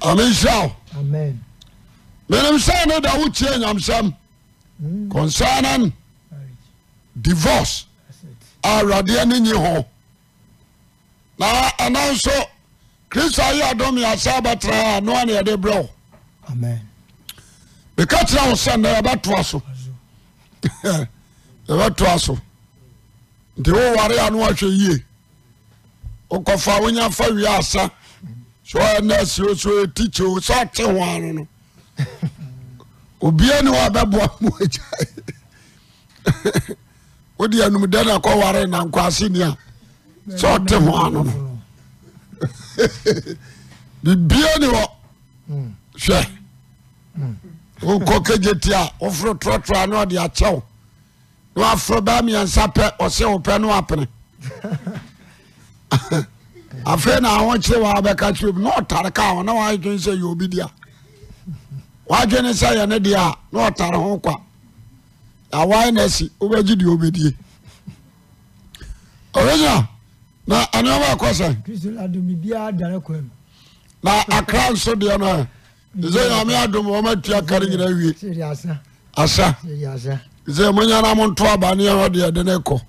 anisao menim sɛ ne da ho tie nyamsɛm consanan divorce aawradea ne nyi hɔ na ananso kristo yɛ adɔmɛ asa batraa noaneɛde brɛo bɛka terɛ wo sannɛ ɛbɛtoa so bɛbɛtoa so nti woware anoahwɛ yie wokɔfa wonyafa wiasa sɛ nɛse o so tikye o sɛ ɔte ho ano no obia ne wɔbɛboa mu agya wode anumdɛ no akɔware nankwaseni a sɛ ɔte ho ano no bibia ne wɔ hwɛ wokɔ kagye ti a woforo trɔtrɔ a ne ɔde akyɛw na waforo baa miɛnsa pɛ ɔse wo pɛ ne afei na ahokyere waabɛka kyerɛ mu na ɔtare ka ho na waadwene sɛ yɛ obi dea waadwene sɛ yɛ ne deɛ a na ɔtare ho kwa awae na asi wobɛgye deɛ obɛdie ɔrɛnya na ɛnoɔma ɛkɔ na akra nso deɛ no ɛsɛ nyame adom wɔma tua kare nyina wie asa sɛ monyana mo nto aba ne ɛhɔ deɛ de ne kɔ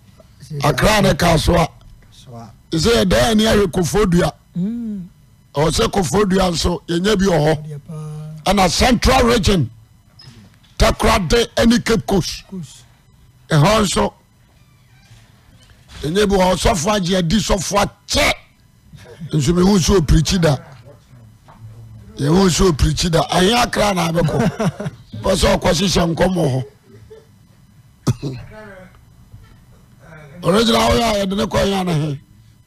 akra ka so a sɛ yɛda yɛne ayɛ kofoɔ dua ɛwɔ mm. sɛ kofoɔ dua nso yɛnya bi wɔ hɔ ɛna central region takorade ane cape coast ɛhɔ nso ɛnya bi wɔ hɔ sɔfoɔ agye adi sɔfoɔ akyɛ nso mehu sɛ ɔpirikyi da yɛhu sɛ ɔpirikyi da ɛhe akra na abɛkɔ bɛ sɛ ɔkɔ hyehyɛ nkɔmmɔ hɔ original woyɛ a yɛde ne kɔyɛ ne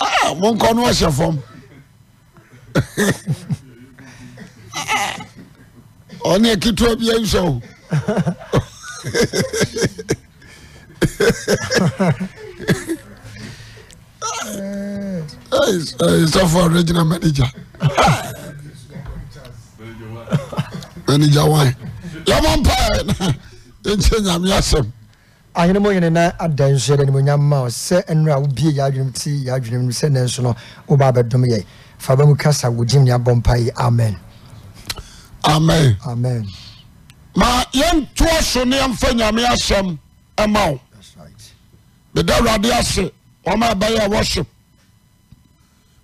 ah mo nkɔ no ahyɛ fam ɔne ketewa bia nhyɛ wo for original manager manager wan yɛmɔ mpaɛ na ɛnkyɛ nyame asɛm ahene mu yene na ada nso yɛde animonyam ma wo sɛ nnora wobie yɛ adwenem ti yɛ adwenem no sɛ ne nso no woba abɛdom yɛ fa ba kasa wogyim ne abɔ mpa yi amen amen amen ma yɛntoa so ne yɛmfa nyame asɛm ɛma wo meda awurade ase ɔma ɛbɛyɛ worship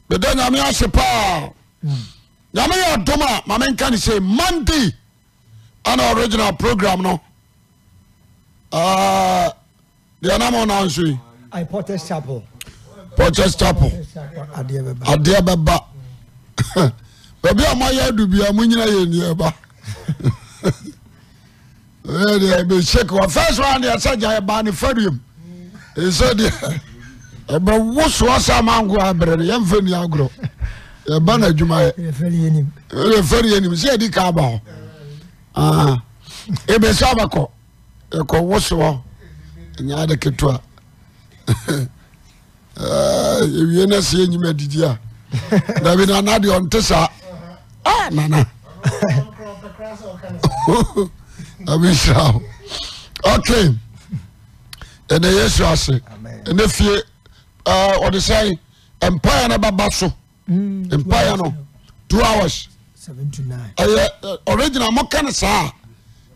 meda nyame ase paa hmm. nyame yɛ adom a ma menka ne sɛ monday ana original program no deɛ uh, nam ɔna nso yi portes chapel portes chapel adeɛ bɛba baabi a moayɛ adu bia mo nyina yɛ nniɛ ba deɛ bɛhyek wɔ first one deɛ sɛ gya yɛbaa ne fariam ɛsɛ deɛ ɛbɛwo soa sɛ manko abrɛ no yɛmfa nni agorɔ yɛba no adwumayɛ ɛfɛriyɛnim sɛ yɛdi ka aba hɔ ɛbɛsɛ abɛkɔ yɛkɔ wose hɔ ɛnyɛ ade ketewa ewie na se enyim adidi a dabi na anadi ɔnte saa ah nana abi sira ok ɛna yesu ase ɛna fie ɛɛ ɔde sɛn mpaeɛ no baba so mm, mpaeɛ no two hours ɛyɛ ɔregyina mo ka ne saa.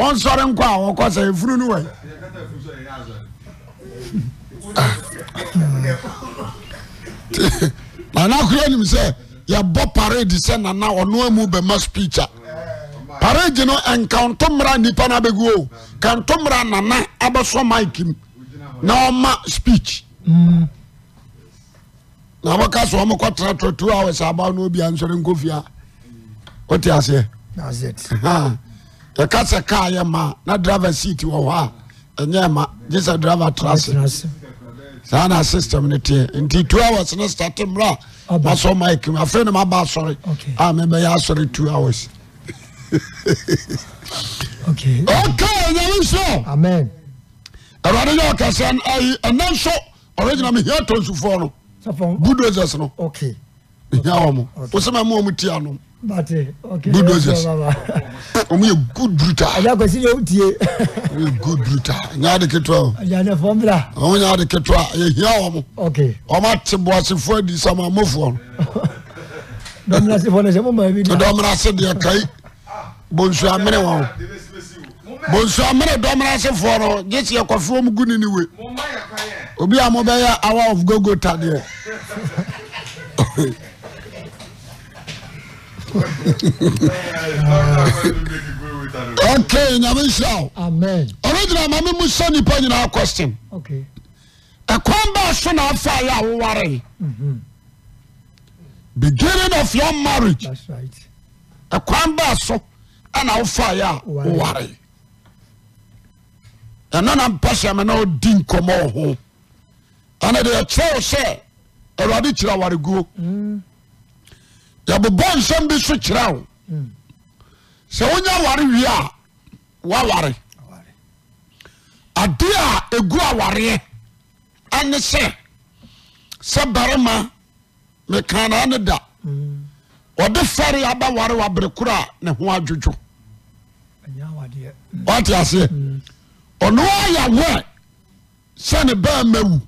ɔnsɔre nkɔ a wɔkɔ sɛ efunu no wɔyi nana akora nim sɛ yɛbɔ parade sɛ nana ɔno amu bɛma speech a parade no nkanto mmara nipa no abɛgu o kanto mmara nana abɛsɔ mic m na ɔma speech na wɔka so wɔn kɔtena tɔ two hours aba na obi ansɔre nkɔ fia wote aseɛ. yɛka sɛ car yɛ ma na driver seat wɔ hɔ a ɛnyɛ ma gye a driver trust saa na system no teɛ nti two hours ne start mmerɛ a masɔ mike mu afei na maba asɔre a mebɛyɛ asɔre two hours okay nyame nso amen awurade yɛ no no mo bate okay bulldozers ɔmu yɛ good brutal ɛdi akɔsi ni o tie ɔmu yɛ good brutal nyaa de ketewa o ɛdi ne fɔm bila ɔmu nyaa ketewa yɛ hia wɔn okay ɔmu ati buasefo edi sama amofoɔ no dɔmina se fɔ ne se mo maa mi da dɔmina se deɛ kai bonsu amene wɔn bonsu amene dɔmina se fɔ no jesi ɛkɔfi wɔn gu ni obi a mo bɛ yɛ awa of gogo ta Okay, nyame nhyira o ɔno gyina ma me mu sɛ nipa nyinaa question ɛkwan baa so na afa yɛ a beginning of your marriage ɛkwan baa so ana wofa yɛ a woware ɛno na mpa hyɛ me na ɔdi nkɔmmɔ ho ɛne deɛ ɛkyerɛ wo sɛ awurade kyerɛ awareguo yɛbobɔ nsɛm bi so kyerɛ wo sɛ wonya ware wie a waware ade a ɛgura awareɛ ane sɛ sɛ barema mekanaa ne da mm. ɔde fɛre aba ware wabere koraa ne ho adwodwo ɔatiaseɛ mm. mm. ɔnoa ayawɛ sɛne baa ma wu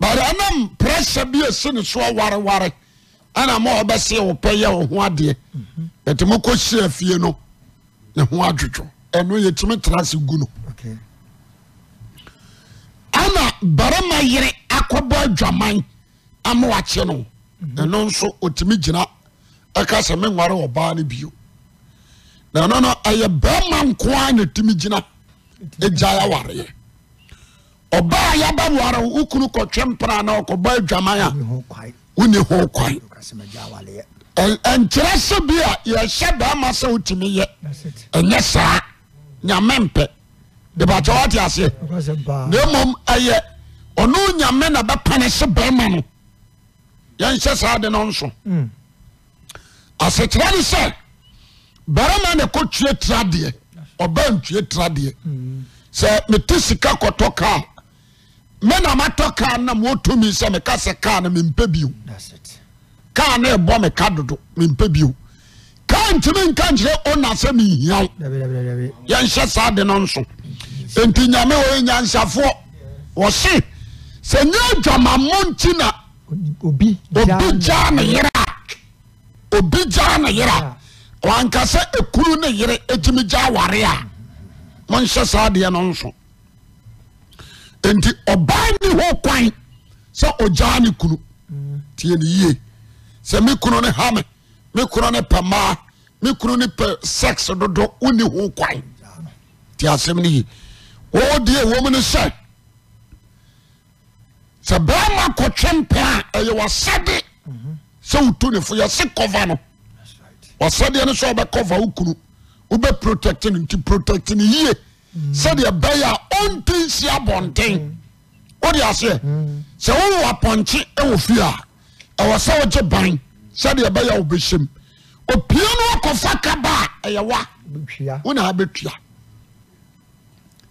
bare anam prɛsɛ bi ɛsi ne soɔwareware ana ma wɔbɛseɛ wo pɛ yɛ wo ho adeɛ bɛti mokɔ hyia efie no ne ho adwodwo ɛno yɛtumi trase gu no ana barima yere akɔbɔ adwaman ama wakye no ɛno mm-hmm. nso ɔtumi gyina ɛka sɛ menware ɔbaa no bio na ɛno no ɛyɛ bɛrima nko a na tumi gyina ɛgya yɛwareɛ ɔbaa yɛbɛware wo kunu kɔtwe mpra na ɔkɔbɔ adwaman a woh kwan nkyerɛ sɛ bi a yɛhyɛ barima sɛ wotimi yɛ ɛnyɛ saa nyame mpɛ ɛbakya wote aseɛ na mmom ɛyɛ ɔno nyame na bɛpane se barima no yɛnhyɛ saa de no nso mm. asɛkyerɛ ne sɛ barima ne ɛkɔ twa tra deɛ ɔba ntwa tradeɛ mm. sɛ mete sika kɔtɔkaa mena matɔ kar na moɔtumi sɛ meka sɛ kar no mempɛ bio na no ɛbɔ me ka dodo mempɛ bio ka ntimi nka nkyerɛ ona sɛ mehiaw yɛnhyɛ saa de no nso enti nyame ɔyɛ nyansafoɔ wɔse sɛ nyɛ adwamammo nti na obi gyaa ne yere a ah. obi gyaa ne yere a wankasɛ ekuru ne yere ɛtumi gyaa ware a monhyɛ saa deɛ no nso ni ɔba ni ho kwan sɛ ɔgyaa ne kunu tiɛne yie sɛ me kunu ne hame me kono ne pɛ maa me knu ne pɛ sex dodo wonni ho kwan ntiasmnyi wɔ deɛ wmno sɛ sɛ ba ma kɔtwɛ mpa a ɛyɛwasɛde sɛ wot ne fo yɛse kɔva no wsɛdeɛ no sɛɔbɛkɔva wo kunu wobɛ protectnonti protectno yie sɛdeɛ bɛyɛ a ɔnti nsi abɔnten wode aseɛ sɛ wowɔ apɔnkye wɔ fie a ɛwɔ sɛ wogye ban sɛdeɛ bɛyɛ a wobɛhyɛm opia no wɔkɔfa kaba a ɛyɛ wa wonaa bɛtua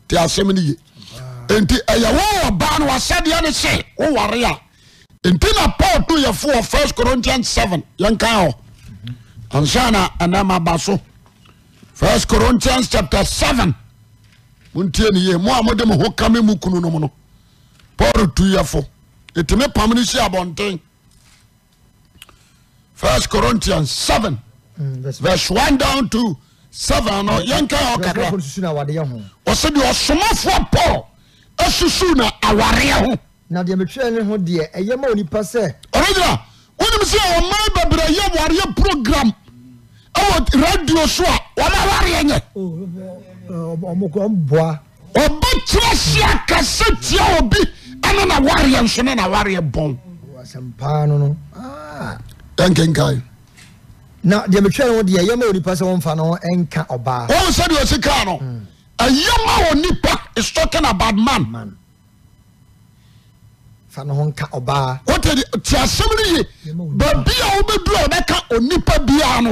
nti asɛm no ye enti ɛyɛ wowɔ baa no wasɛdeɛ ne sɛ woware a nti na paul to yɛfoɔ first corinthians 7 yɛnka hɔ ansa na so first corinthians chapter 7 wontie noye mo a mode me ho ka me mu kunu nom no paul tu yɛfo ɛti mi pamo no syi abɔnten 1 corintians 717ɔsɛdeɛ ɔsomafoa paul asusu no awareɛ hoɛ ɔma babrayɛ wareɛ prga ɛwɔ radio so a wɔn awareɛ nyɛ. ɔbɛ kyerɛ si akasa tia obi ɛne na wareɛ nso ne na wareɛ bɔn. asɛmpaa ah. na deɛ metwɛ no deɛ yɛma onipa sɛ wɔmfa no ɛnka ɔbaa. wɔn sɛ deɛ ɔsi kaa no hmm. ɛyɛma onipa is talking about man. man. fa ne ho nka ɔbaa. wote de ti asɛm no ye baabi a wobɛduru a wɔbɛka onipa biara no.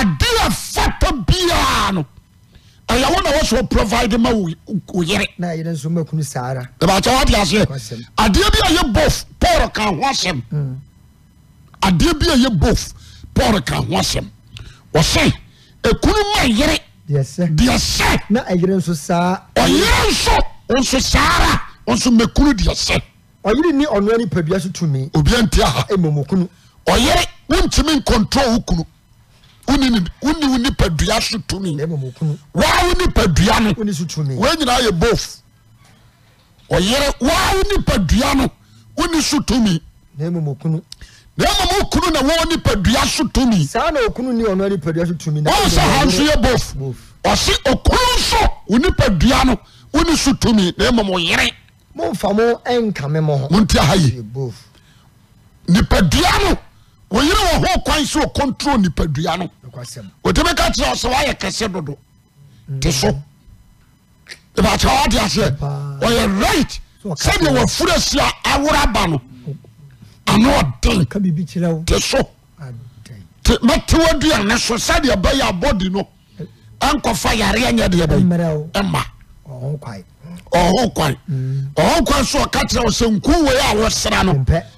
adeɛ fata biaa no ɛyɛwona wosoɔ provide ma oyere a sreɛaeɛ biayɛ f pr kahosɛm mm. adeɛ biayɛ bof pr kahosɛm ɛ k maerɛera sraɔsomakunu deɛsɛ ɔyerenni ɔnoane pa biaso tumia ɔyere wontimi control wokn woni woni wo nipa dua so tmi waw nipadua no w nyina yɛ boh ɔyer wa w nipaa no wone so tmi na mamkunu na wɔnipadua so tmisɛ ha nso yɛ boh ɔse ɔkru so o nipadua no wone so tmi na mamyereoniy nipadua no wɔyere wɔ ho kwan sɛ ɔkɔntrol nipadua no ɔtumi ka kyerɛ sɛ woayɛ kɛse dodo te so ɛbɛkyɛ wode aseɛ ɔyɛ right sɛdeɛ wafura si a awora ba no ane ɔden te so mɛte waduane so sɛdeɛ bɛyɛ body no e- ɛnkɔfa yareɛ nyɛ deɛ bɛyi ɛma ɔho kwan ɔho kwan mm. so ɔka kyerɛ wo sɛ nkuwei a wɔsra no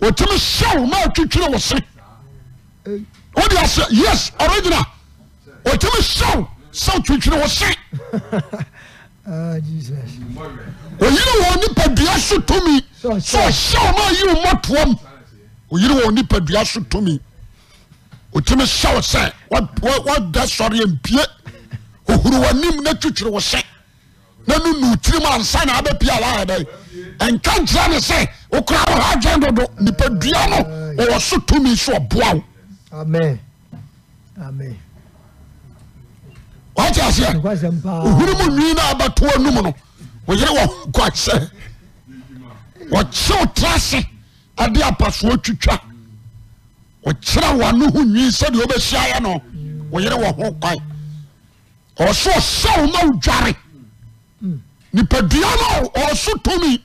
wɔtumi hyɛw ma atwitwere wo se wode asɛ yes original wɔtumi hyɛw sɛ twitwere wo se ah, oyere wɔ nipadua so tumi sɛ ɔhyɛw ma ayi mmɔtoam oyere wɔ nipadua so tumi wɔtumi hyɛw sɛ wada sɔre mpie ohuru w'anim na twitwere wo se na no nutirim ansa na abɛpia waadɛ nka kyerɛ oh, no oh, sɛ wo kra w hadendodo nipadua no ɔwɔ oh, so tomi sɛ ɔboawo teaseɛ oremu hmm. nwiinobatonum no yere hok sɛ ɔkyewo traase ade apasoa twitwa ɔkyerɛ wano ho wi sɛdeɛ ɔbɛsaɛ no yere wɔ ho kw ɔsɔsɛ ma odware nipadua n ɔɔ so tomi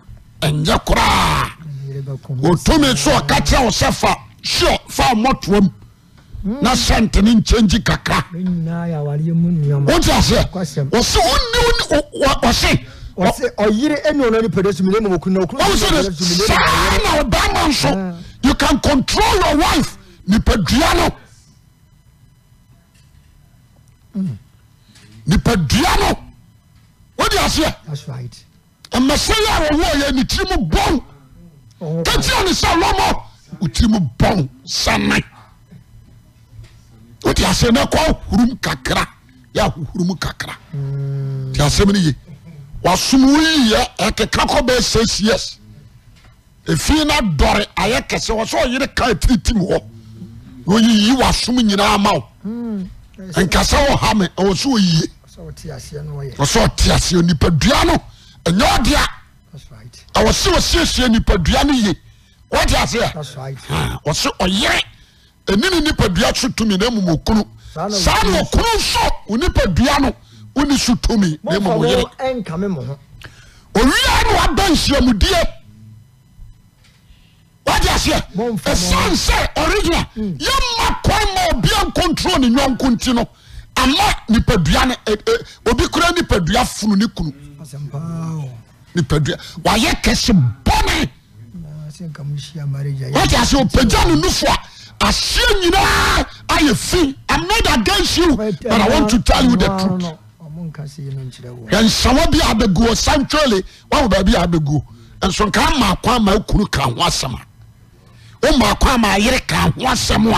ɛnyɛ koraa ɔtumi so ɔka kyerɛ wo sɛ fa sure fa mmɔtoa mu na sɛnte ne nkyɛngyi kakra wote ɔse ɔse ɔse saa na ɔbɛrima nso you can control your wife nipadua no hmm. nipadua no wote aseɛ that's right amaseyewowoye ne tirimo bon katione se lom otirimo bo san tasenahr kakrar rasom oye eka kbe sess fi na dore aye kese wseyere katirtim e h yy som yina ma hmm. nkase hme wsy stiasnipa dano ɛyɛ ɔdea wɔsɛ ɔseɛsie nnipadua no ye deseɛs yere ninipadas saa n npao nhiaieɛ snesɛ orgnal yɛma nmaba kontrl n wnk n a mm. niaanpaa fonnn npd ayɛ kese bonewtas opaga no nufoa asiɛ nyinaa ayɛ fi uh, nsawa biabg santrale w baabibg nsmakoama k kahoasmaayer kahosmne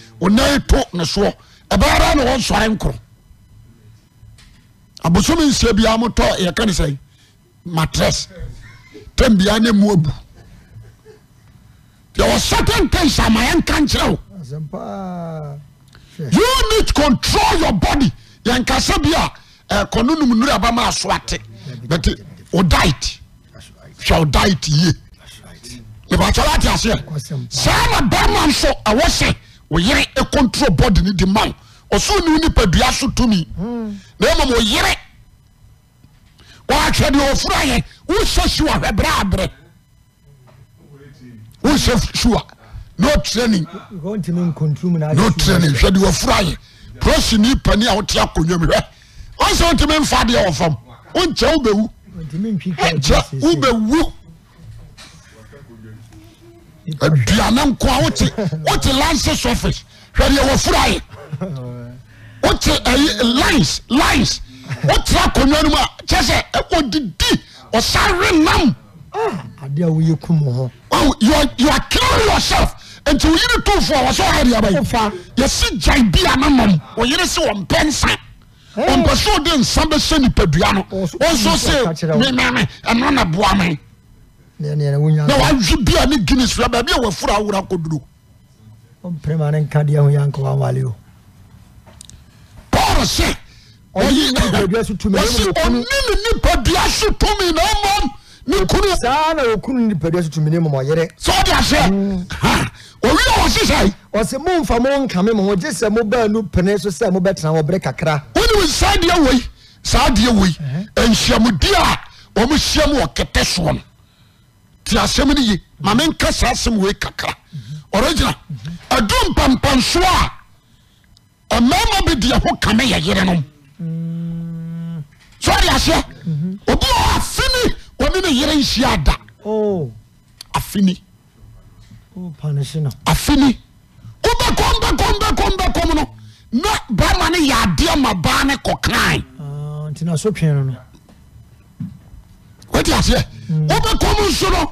ɔna to ne soɔ na wɔnsɔre nkoro abosome nsia biaa motɔ yɛka ne sɛ matress matres biaa ne mu certain things ama yɛnka nkyerɛ you need to control your body yɛnkasa bi a ɛkɔno num nnuro abama aso ate but wo diet hwɛ wo diet yie mebakyɛ wo ate aseɛ saa na bɛrima nso ɛwɔ sɛ oyere control bordy no de ma ɔsonew nipa duaso tumi n maoyere hwɛdeɛ wɔforoayɛ wosɛ sa hwbrɛaberɛ wosɛ sano trninthwɛdewɔforoayɛ prosinipani a wotiakɔ wm hwɛ sɛwontimi mfadeɛ ɔfam wkwobw wobw aduane nkoa wote wote lanse surface hwɛ wɔfura yɛ wote ɛyi lines lines wote akonnwa no mu a kyɛ sɛ ɔdidi ɔsare nam. Ah, adeɛ a woyɛ kum hɔ. oh you are you are killing yourself nti o yiri tu fo a wɔsɛ ɔyɛ deɛ bɛyɛ. ofa yɛsi gyan a nanam o yiri si wɔn pɛnsa wɔn pɛ so de nsa bɛ se nipadua no wɔn nso se mi mɛmi ɛno na boa mi. ne nsna ku nipadso tmnmes mo mfa mokame mgyesɛ mo ba nu pene so sɛ mobɛtera obere kakraa ti asɛm no ye ma menka saa asɛm wei kakra ɔregyina adu mpampansoɔ a ɔmama bɛdi ɛho kame yɛ yerenom so ade aseɛ obi wɔ afini wɔne ne yere nhyia ada oh. afini oh, afini wobɛkɔm bɛkɔm bɛkɔm bɛkɔm no na bɛma ne yɛ adeɛ ma baa ne kɔkae wati ah, aseɛ mm. wobɛkɔm nso no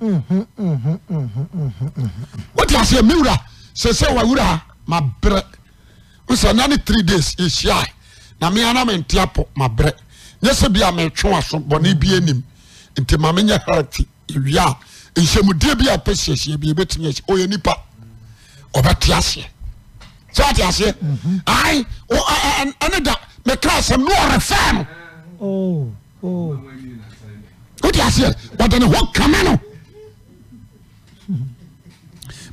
we teaseɛ mewr ssɛ wwr mabr snane 3 days y n manmenteap mabr yɛsɛ bia metwewa so bɔne binim nti mameyɛ ht mde bas nipa bɛteseɛnkasm mhm. nwn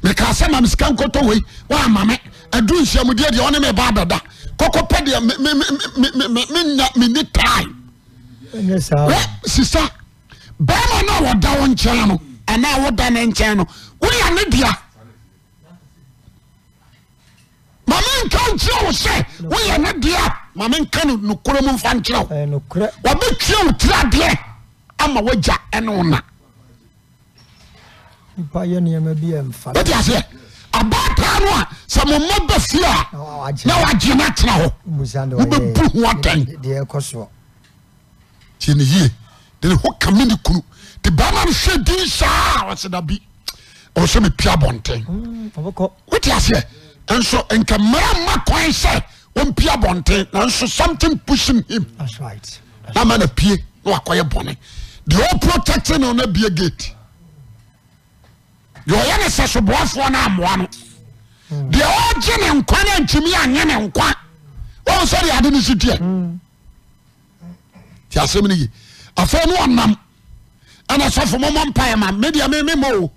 meka sɛ mame sika nkoto wei wamame adu nsiamudeadeɛ one mebabada kkɔ pɛdeɛ meni timsisa bm nwdawo nk n wonedeaknkerɛo snedea mkan nkromu mfa nkyerɛo ɛtao tradeɛ mawann wesɛ baa sɛmoma baiena e no teahooka mne k banaɛ din saepama ks pab st phonb gae deɛɔyɛ ne sɛ soboafoɔ no amoa no deɛ ɔgye ne nkwa ne antumiɛ anyɛ ne nkwa ɔ sɛ deɛ ade no si tua nti asɛm no yi afa ne ɔnam ana sɔfo momɔ mpaɛma medeɛ mememao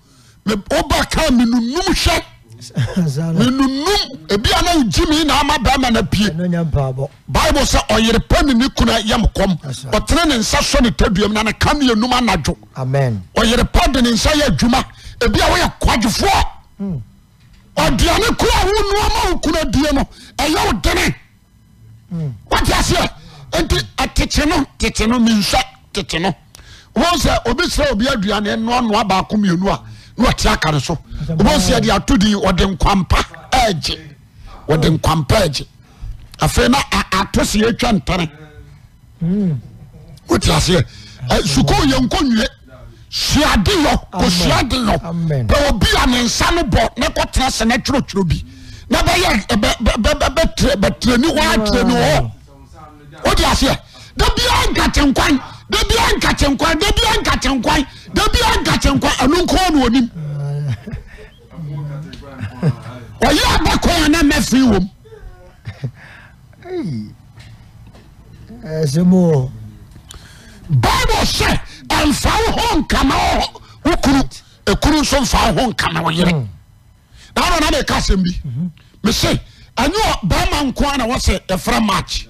ɔba kaa menunum hwɛ enunu bianaimenaamaamana pie bible sɛ ɔyerepɔdene kuna yɛm kɔtne nsa sɔ neta dmnkan nao yerepɔdene nsaɛ uma i wyɛ kwaefoɔ duane kwonamawokuna de hmm. no ɛyɛdene hmm. wataseɛ nti ateke no tee no mensɛ te no sɛ obi srɛ obi aduane noanoa baakmna tkan ssdd dwptsyɛwa ntsuk ynkwe sadesa de ɔme hmm. nsa nobɔntsɛn kyɛkyrɛb ɛɛn hnɛ nka tnkwaka nka tnkwan da bi aga ke nkwa anonkɔ noɔnim ɔ yerɛ ba kɔn anɛ eh, mɛfii wo msɛm bible sɛ ɛmfa wo ho nkama wo kuru ɛkuru nso mfa woho kama woyere na wanɔna mɛɛka sɛm bi mɛse anɛw bama nko a na wɔsɛ ɛfra match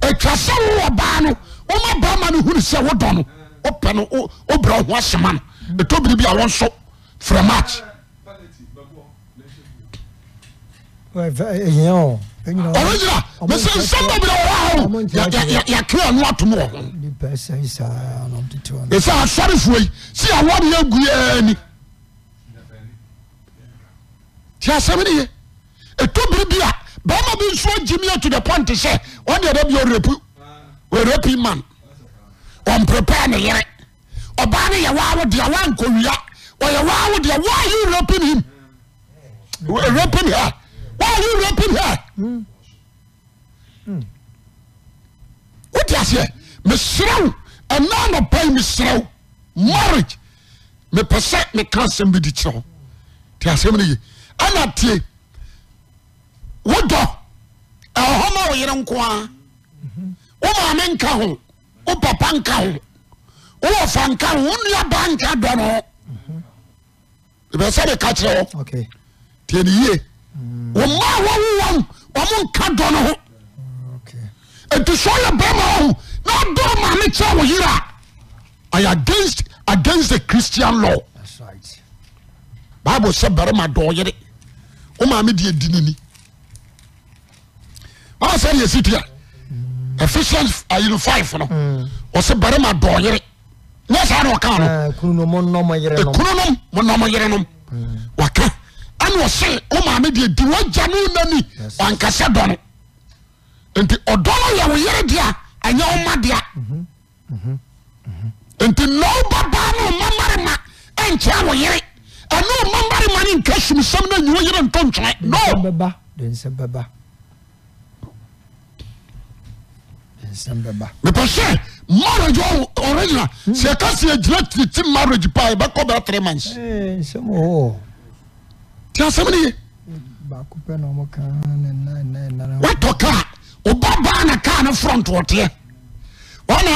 ɛtwa sɛ wowɔbaa no woma bama no hunu sɛwoɔ wopɛ no wobra wo ho ahyema no ɛtɔ biribi a wo nso frɛ match ɔno gyina mesɛ nsɛm bɛbrɛ wɔ hɔ yɛkea no atom wɔ ho ɛsɛ asɔrefoɔ yi sɛ yɛwɔ ne aguaa ni nti asɛm ne ye ɛtɔ biribi a bɛrima bi nso agyimi ato the point sɛ ɔne ɛda bi ɔrepu ɔrepi man prepare neyere ɔbane yɛwa wodea wankowia yɛwawodea waropen wodeasɛ mesereo ananba mesere arage mepɛsɛ meka sɛm bdi kerɛ ne wod hoa oyerenka woamnkaho opapa nka o wow fa nka o onuaba nka dɔno bɛ sɛ reka kyerɛ o tnye oma wawowam amo nka dɔnoo eti soyɛ bama o na ado mame krɛ wo yer against e cristian law bible sɛ berema dɔyere ommdin efficiente ayir uh, five no ose berema doyere skun nmyr ka nse mamddojannni nkase don nt odonyeyeredia yeomadia nt no baba nemamarim nkia weyere nemamarmnkesisonyyere tocheen epse marege oregina sekasegina triti marage paktrm tiasemneyeetoka obabane kane frontwote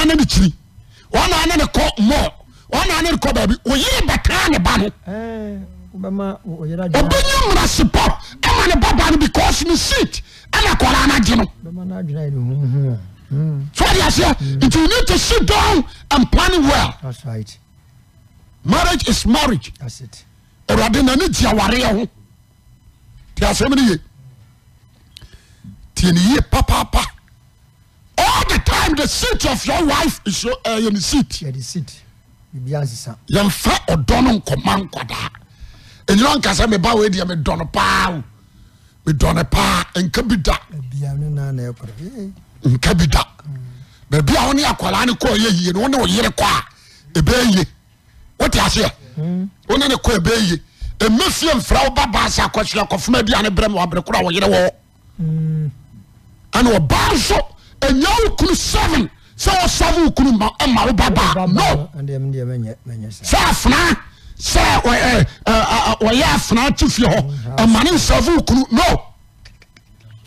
nnene kiri nneneko mo nnekbb oyere beta nebano obeye mra spot emane babane because me set enekoran je no sdeaseɛ ntyoed on and plany ell marriage is arriage d nane a wareɛ ho t asɛmn y tinyee papapa l ihe seat of yor wife eh, ne seayɛmfa ɔdɔno nkɔmankadaa ɛyirakasɛ mebaedeɛ medɔn paaomedɔn paa ɛkabida twoneakanekyeone oyere ka e we mfie mfra wobabasekaskofema d erroyereo anoba nso ya wokonu s se osevo wokn ma wobabasfena sy fena tifie mane nseowokno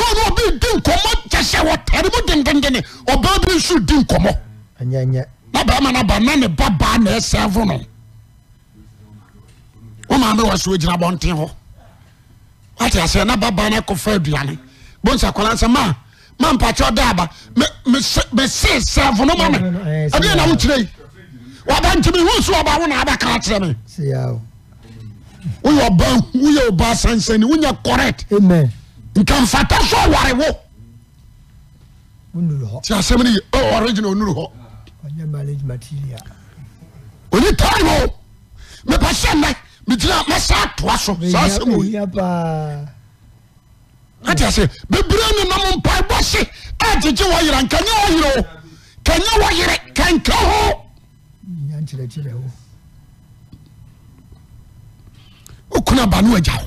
om s dinkomo bnbnn bab seveno ma me wesjina bontn o ts nbbn ko fedane s ksmpat bmese senrba sansani woye corect nkamfata so ware wotiasemineyeorigina onuru ho one tamoo mebasena metira masaa tuwa so sa sem atease bebira ne namopai bose ajeje wo yera nkayawo yereo kaya wa yere kenka ho okuna baneaja ho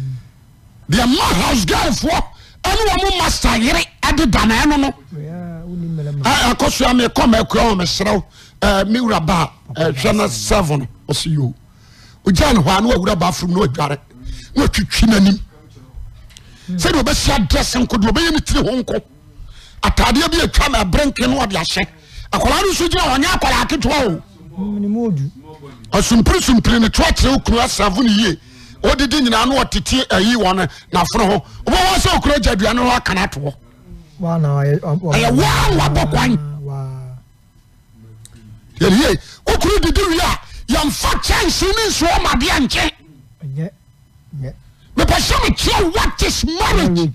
ma housgalfoo nemo mase yere dedannnoktra eiye kke pri pikr o dedi nyina newatete yi won naforeho bsɛokoa duankantoawa kan yee wokoro didiwe a yamfa ke nsun nsuomada nken mepɛsɛ mekyeɛ watis marage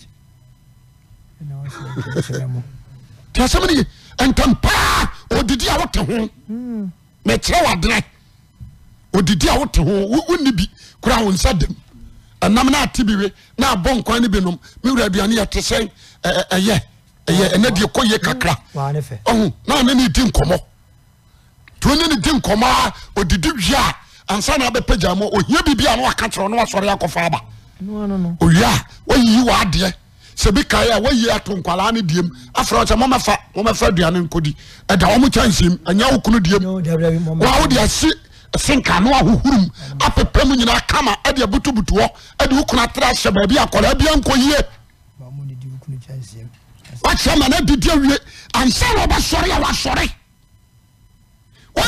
tsmn ntpra diwor odidi a woteo onebi krasa dem na etebe ebo kebo ee komoa snkaeɛm yina kama a bobt awk tɛbaa nebɛan dwe ans bɛsɔreawsɔre e n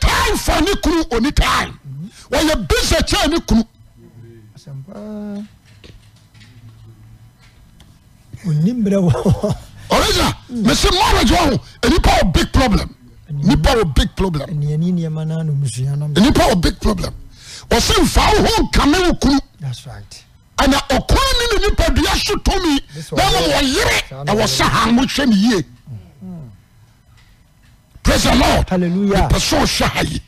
ta f n k nt yɛ bis kye ne kes nbi problem npabpnipa wo big problem ɔsɛ mfa woho nkame wokunu ana ɔkoa ni no nipa bia so tɔmi na noɔyere ɛwɔsɛ ha mohwɛ neyie presnpɛ sɛɔhwɛ ayi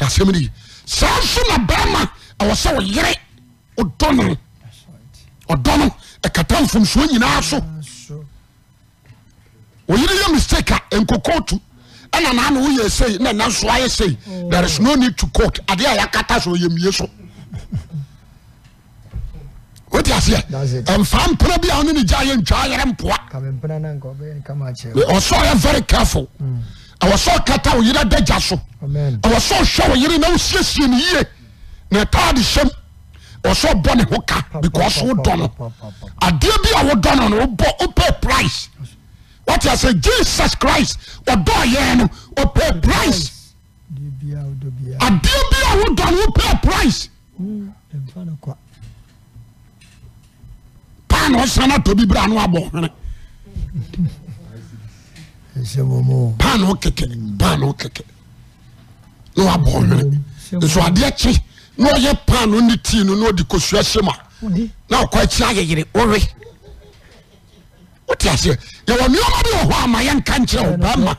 asɛme saa so na barima ɛwɔ sɛ oyere dɔno ɔdɔ no ɛkata mfomsua nyinaa so oyere ye misake a nkokot naeea ver caeflka prie whata sɛ jesus christ ɔdɔɔ yɛ no ɔpe price adeobia wodɔ no wope price panosano atɔ bi brea ne wbɔherepanokk panokkɛ na wabɔhwere nso adeɛ kyi na ɔyɛ pa no ne ti no naɔde kosua hɛma nakakyiyyr wote aseɛ yɛwɔ nneɔma bi wɔ hɔ ama yɛnka nkyerɛ wo bama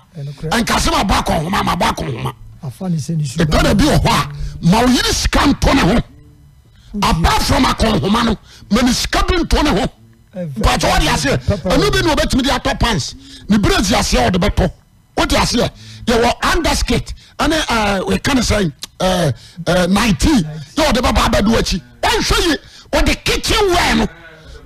ɛnkasɛm abɔ akɔnhoma ama abɔ akɔnhoma ɛpɛda bi wɔ hɔ a ma woyere sika nto ne ho apart from akɔnhoma no ma ne sika bi nto ne ho pàtó wọ́n di aseɛ ɛnu bi ni o bɛ tumi di atɔ pants ni braids aseɛ ɔde bɛ tɔ o di aseɛ yɛ wɔ underskirt ɛne ɛɛ eh, o kan sɛ ɛɛ eh, ɛɛ eh, nineteen yɛ ɔde bɛ ba abɛ do akyi wɔn nso yi ɔde kitchen wear no. o ans wo n wa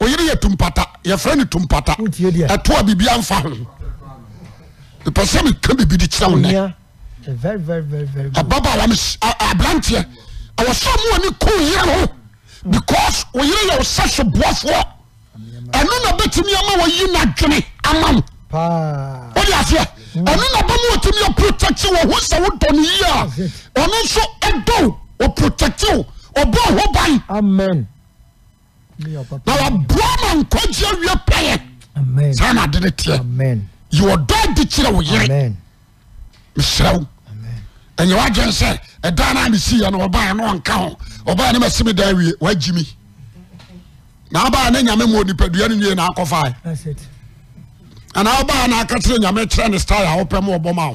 oyere s a er tpata f because woyere yɛwosɛ swe boa foɔ ɛno na batumi ama wa yi no dwene amam wosɛ mm. ɛnn bamwatumiprotecthosɛ wodɔn yi ɔn nso ɛdo wɔ protect ɔbɛoho ba naboa ma nkagye awia paɛsanaadene teɛ ywɔdɔ adi kyirɛ wo yere mserɛwo ɛyɛwoadwen sɛ ɛda no si siiɛ no ɔbaa na ɔnka ho ɔbaa ne maseme da na abaa ne nyame ma onipadua no nwie ɔbaa na aka kyerɛ nyame kyerɛ ne style a ɔbɔ ma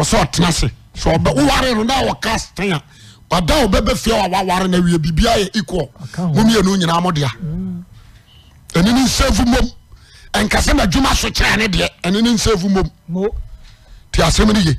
ɔtena se ɔbɛ no na wɔka sten a ɔda ɔbɛbɛ fie a waware no awie biribia yɛ equal momienu nyinaa mo dea mm. mom so kyerɛ ne deɛ mom asɛm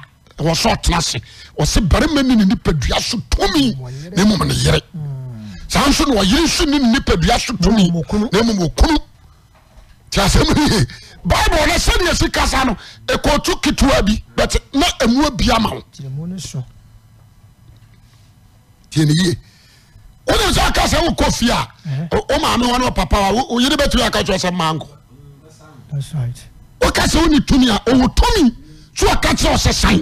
wse tenase se barma ne nenipa aso eyer oyea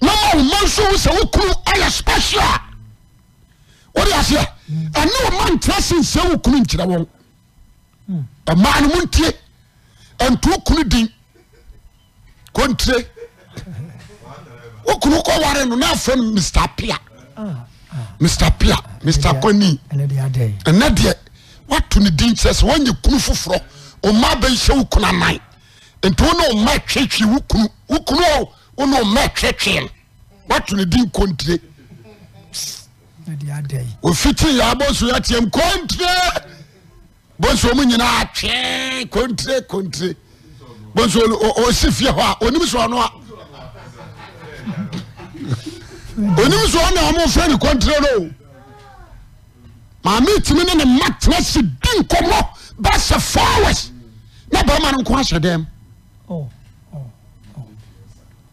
oma no sɛ wo al spesia woeasea ɛneoma ntrɛsensɛ wo nkyerɛ w ɛma nomontie ntiwokunu in i wo ware nonfno pia pa ni ɛdeɛ wono nkyrɛsɛ wya kn foforɔ omaɛhɛ wo k am ntionema twwi wowo teetemwtn dn ntfityabstm kontre bsmu yinate t s fie h nn on sneomfɛne kontre o mametimi ne ne ma terase dinkomo base fawes ne bama nnko ahyɛ dem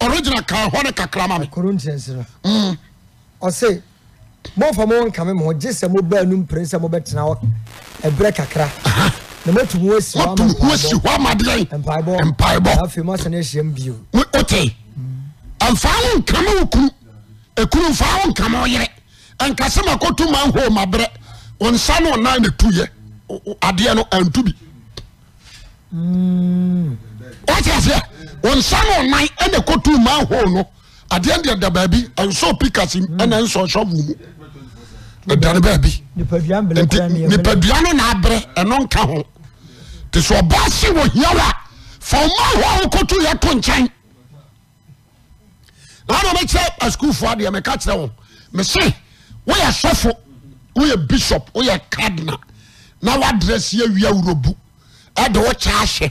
original kan hɔ ne kakra ma me corinthians no ɔse momfa mo nkame mo ho gye sɛ mobaa no mpere sɛ mobɛtena hɔ ɛberɛ kakra na moatu mu asi hɔ amadeɛ mpaebɔ afei moasane ahyiam bio wote mfa wo nkame wo kunu ɛkunu mfa wo nkame wo yere ɛnka sɛ makɔto ma nhoo maberɛ wo nsa no ɔnan na tuyɛ adeɛ no antu bi mm wọ́n ti ase wọn nsa na ọ̀nan ẹna kotu manhole no adeɛ deɛ da baabi nso pikas mm. ɛna nso ɔsɔfo mu ɛdane baabi nti nipadua no na abere ɛno nka ho te sɛ ɔba se wɔ hiawa fa manhole kotu yɛ to nkyɛn na ɔna ɔbɛkyerɛ asukuufoɔ adeɛ mɛka kyerɛ wɔn mɛsɛ woyɛ sɔfo woyɛ bishop woyɛ cardinal na wadrɛsi awia wurobu ɛde wo kyɛ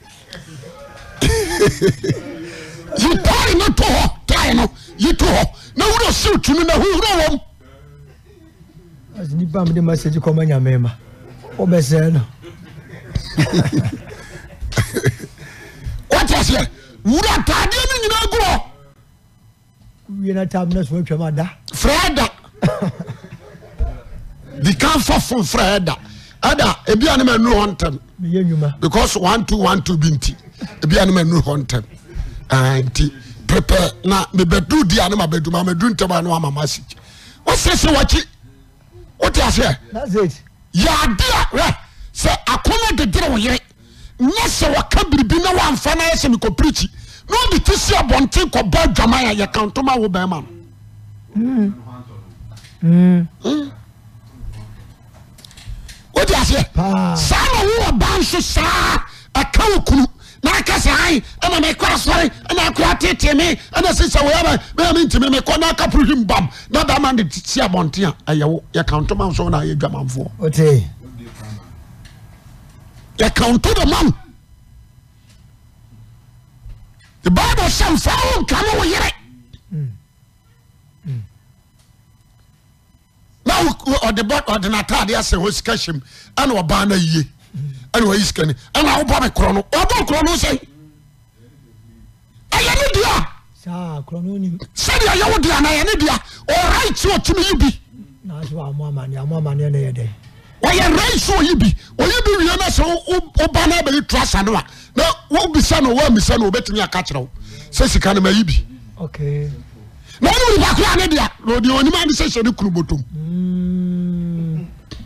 yetae no to hɔ te no ye t hɔ na wusetununahourawoniammasgi ɔa nyamema bɛsɛ no sɛ wura tadeɛ mo nyina gu hɔwntamnoada frɛda bikam fa fom frɛda ada bianemnu ɔntwua because e2 2 bnti ebi anum enu hɔ ntɛm ah, nti prepare na mebɛdu di anum abɛdu ma mɛdu ntɛm anum ama ma si wɔsese wɔkyi wote aseɛ yaade a rɛ sɛ akɔnɔ dedere wo yere nyɛ sɛ wɔka biribi na wɔamfa na yɛ sɛ mekɔpirikyi na ɔde ti si abɔnten kɔbɔ adwaman a yɛka ntoma wo bɛrima no hmm. Hmm. wote aseɛ saa na wowɔ ba nso saa ɛka wo kunu n'aka saa ɛna mɛkɔ asɔre ɛna akora tete me ɛna sisan wɔyɛ bɛ bɛyɛ mi ntumi mɛkɔ n'aka puruhim bam na dama de si abɔnten a ɛyɛ wo yɛ kan ntoma nso na yɛ dwamanfoɔ. o te. yɛ kan to the man. the bible sɛ nfa wo nka ne wo yere. na ɔde n'ataadeɛ asɛ hɔ sika hyɛm ɛna ɔbaa na yie ɛna wayi sika ni ɛna awobɔ mi korɔ no wabɔ korɔ no sɛn ɛyɛ ne dea sɛde ɛyɛ wo dea na ɛyɛ ne dea ɔrait sɛ ɔtumi yi bi ɔyɛ right sɛ ɔyi bi ɔyi bi wie na sɛ woba no abɛyi trasa no a na wobisa no woammisa no wobɛtumi aka kyerɛ wo sɛ sika no mayi bi na ni wuribakora ne dea na ɔdeɛ ɔnim ade sɛ hyɛ ne kunu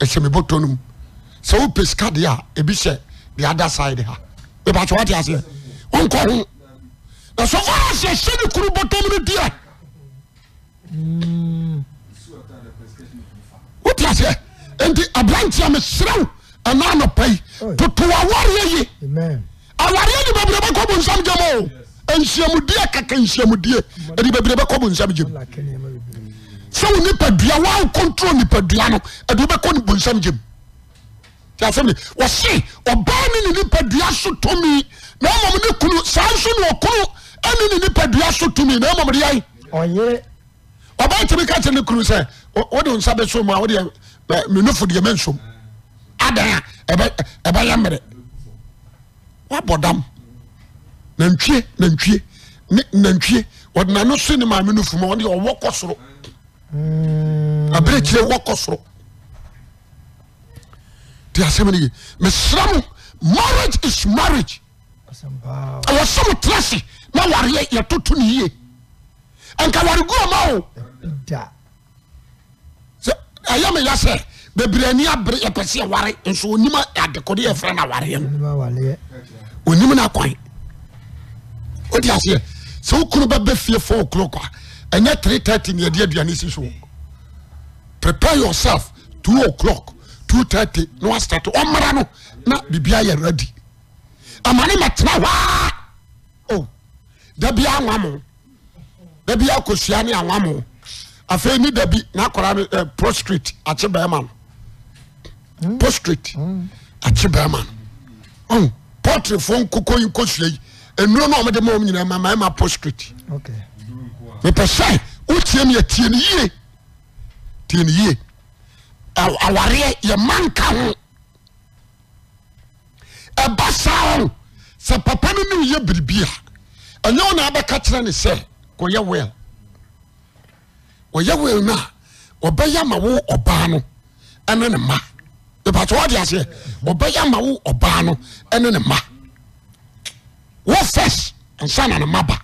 isemi botonum sɛwopesika dea ebise deadaside ha ebatas n sforse sene kro botmuno de wtas nti ablantia me sere ananopai totowaware ye a nebebrekbo nsamgem nsiamde kaka nsamde eebrekbo nsam jem sɛ wo nipadua woa control nipadua no ɛde wobɛkɔ ne bonsam gyem ti asɛm ne wɔse ɔbaa ne ne nipadua so tumi na mmom ne kunu saa nso ne ɔkunu ɛne ne nipadua so tumi na mmom de yɛe ɔyere ɔbaa tumi ka kyerɛ ne kunu sɛ wode wo nsa bɛso mu a wodeɛ menofo deɛ mansom adan a ɛbɛyɛ mmerɛ woabɔ dam nantwie nantwie nantwie ɔde nano so ne maame no fu ma ɔde ɔwɔ kɔ soro Mm. aberɛkire wako soro dasmnee esera m marriage is marriage wsom terese na wareyɛ yɛtoto neye ankawareguama o ɛyɛ meya se bebra ni abre ɛpɛsiɛ ware nsonim adekodeyɛ frɛ na wareɛ onim nakwa odasɛ sɛ wokumo bɛbe fie fo ocloka ɛnɛ 330 neɛde aduane si so prepare yourself 2 0clok 230 na wasa ɔra n na bibiayɛrdmane tena hdaiwam sa newam ne dabi postet abmapostat ak bmapotryf nkonksainu ndmayiaama postrat epɛ sɛ wotiamiyɛ tian ye tinye awareɛ yɛma nka ho ɛbasao sɛ papano neyɛ biribia ɛyɛwoneabɛka kyera ne sɛ koyɛ wal oyɛ walno obɛya ma wo ɔba no ɛnene ma podeas obɛya ma wo ba no nene ma wo es nsananmaba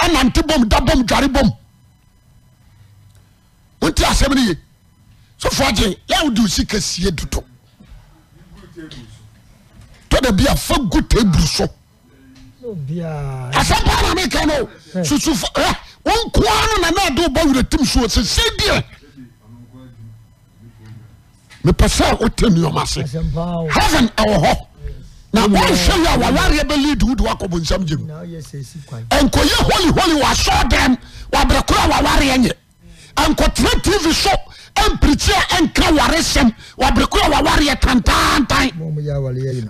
anante bom da bom jar bom onti asemi neye sofoe ewodesi kesie dodo tode bia fago te bru soasem pankkannndeba eh. eh, tim so sese die meposa ote nose w eldwwnkye holiholi s m arekrwwreye nkotema tv so mpritia ka waresem rwr tat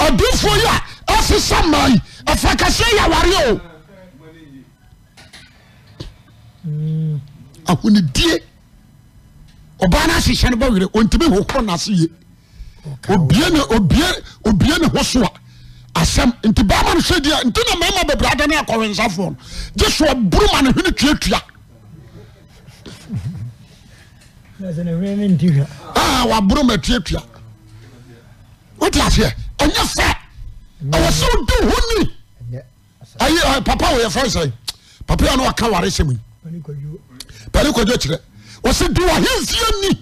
abifo yea asesa ma fakese ya ware hnie bnsesa teoben hsa asɛm nti bɛrima no hwɛ nti na mmarima bebree adane akɔwensafoɔ no gye so ɔburu ma ne hwene tuatua ah, waboro ma tuatua wote aseɛ ɛnyɛ fɛ ɛwɔ sɛ wode ho ni papa wɔyɛ fɛ sɛ papa yɛ no waka ware sɛm yi pɛne kwadwo kyerɛ wɔ sɛ de wahemfie ni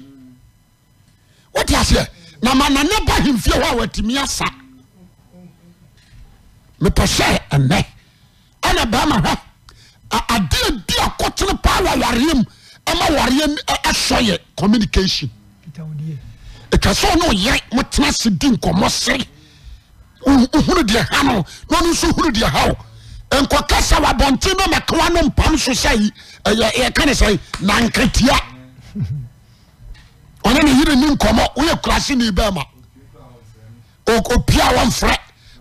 wote aseɛ na ma ba hemfie hɔ a watumi asa mepɛse me an bamaha adediakoten pawawaram ama warsoye communication kasone ye mo tenase di nkomo sere uu de ha nko kesawntmkw npa sskans nanka tia nene yerni km oy krase nbma opie wfre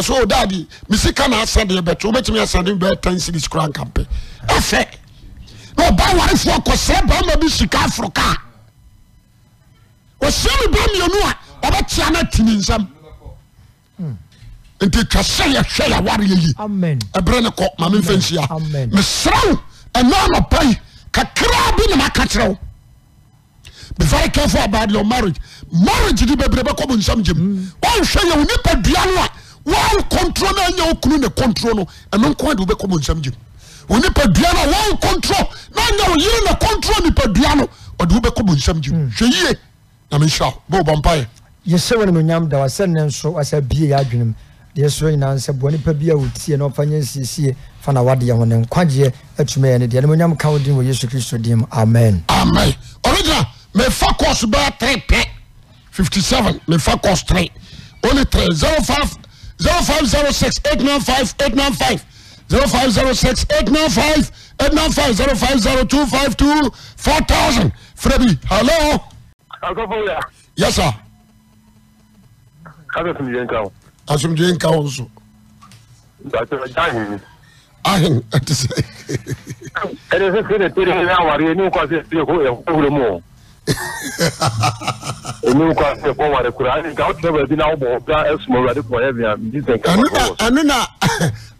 ɔsɛ ɔdaadi misika na asɛdeɛ bɛtɛ wobɛtumi asɛde bɛyɛ ten series kora nkampɛ ɛfɛ na ɔba warefoɔ kɔsrɛ bɛrima bi sika aforo kaa ɔsrɛ me ba mmienu a ɔbɛtea no ati ne nsɛm nti twa sɛ yɛhwɛ yɛawareyɛ yi ɛberɛ ne kɔ ma memfa nhyia mesrɛ wo ɛna anɔpa yi kakraa bi na vai kyerɛ wo be very careful about your marriage marriage di bebree bɛkɔ bo nsɛm gyem wɔnhwɛ yɛ wo nipa dua no a Hmm. yɛsɛ nemuonyam da sɛne nso asɛ bie yɛ adwene mu de so nyina sɛ boa nipa bi awɔtie ne ɔmfa nyɛ siesie fa nawadeɛ hone nkwa gyeɛ atumi ɛ no deɛ nemuonyam ka wo dim wɔ yesu khristo dinmu amenmea ba357mea c305 0506 895 895 Freddy, hello. yes sir. k'a bɛ sunjata nka o. asunjata nka o nso. dɔtɔrɔ jaahi ni. ahin ɛ ti se. ɛ de se se de se se ɛnu nkɔ ase ɛkɔ ware kura ani nka wotena baabi na wobɔ ɔbra ɛsoma awurade kɔ ɛbi a medi sɛ nka ɛno na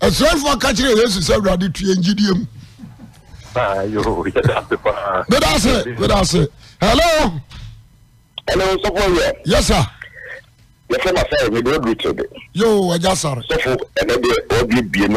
asuafoɔ ka kyerɛ yesu sɛ awurade tue ngyidie mu meda ase meda ase hello ɛne nsɔfoɔ yɛ yes sir yɛsɛ ma sɛ mede oduru to de yo agya sare sɔfo ɛnɛ deɛ ɔdwe bie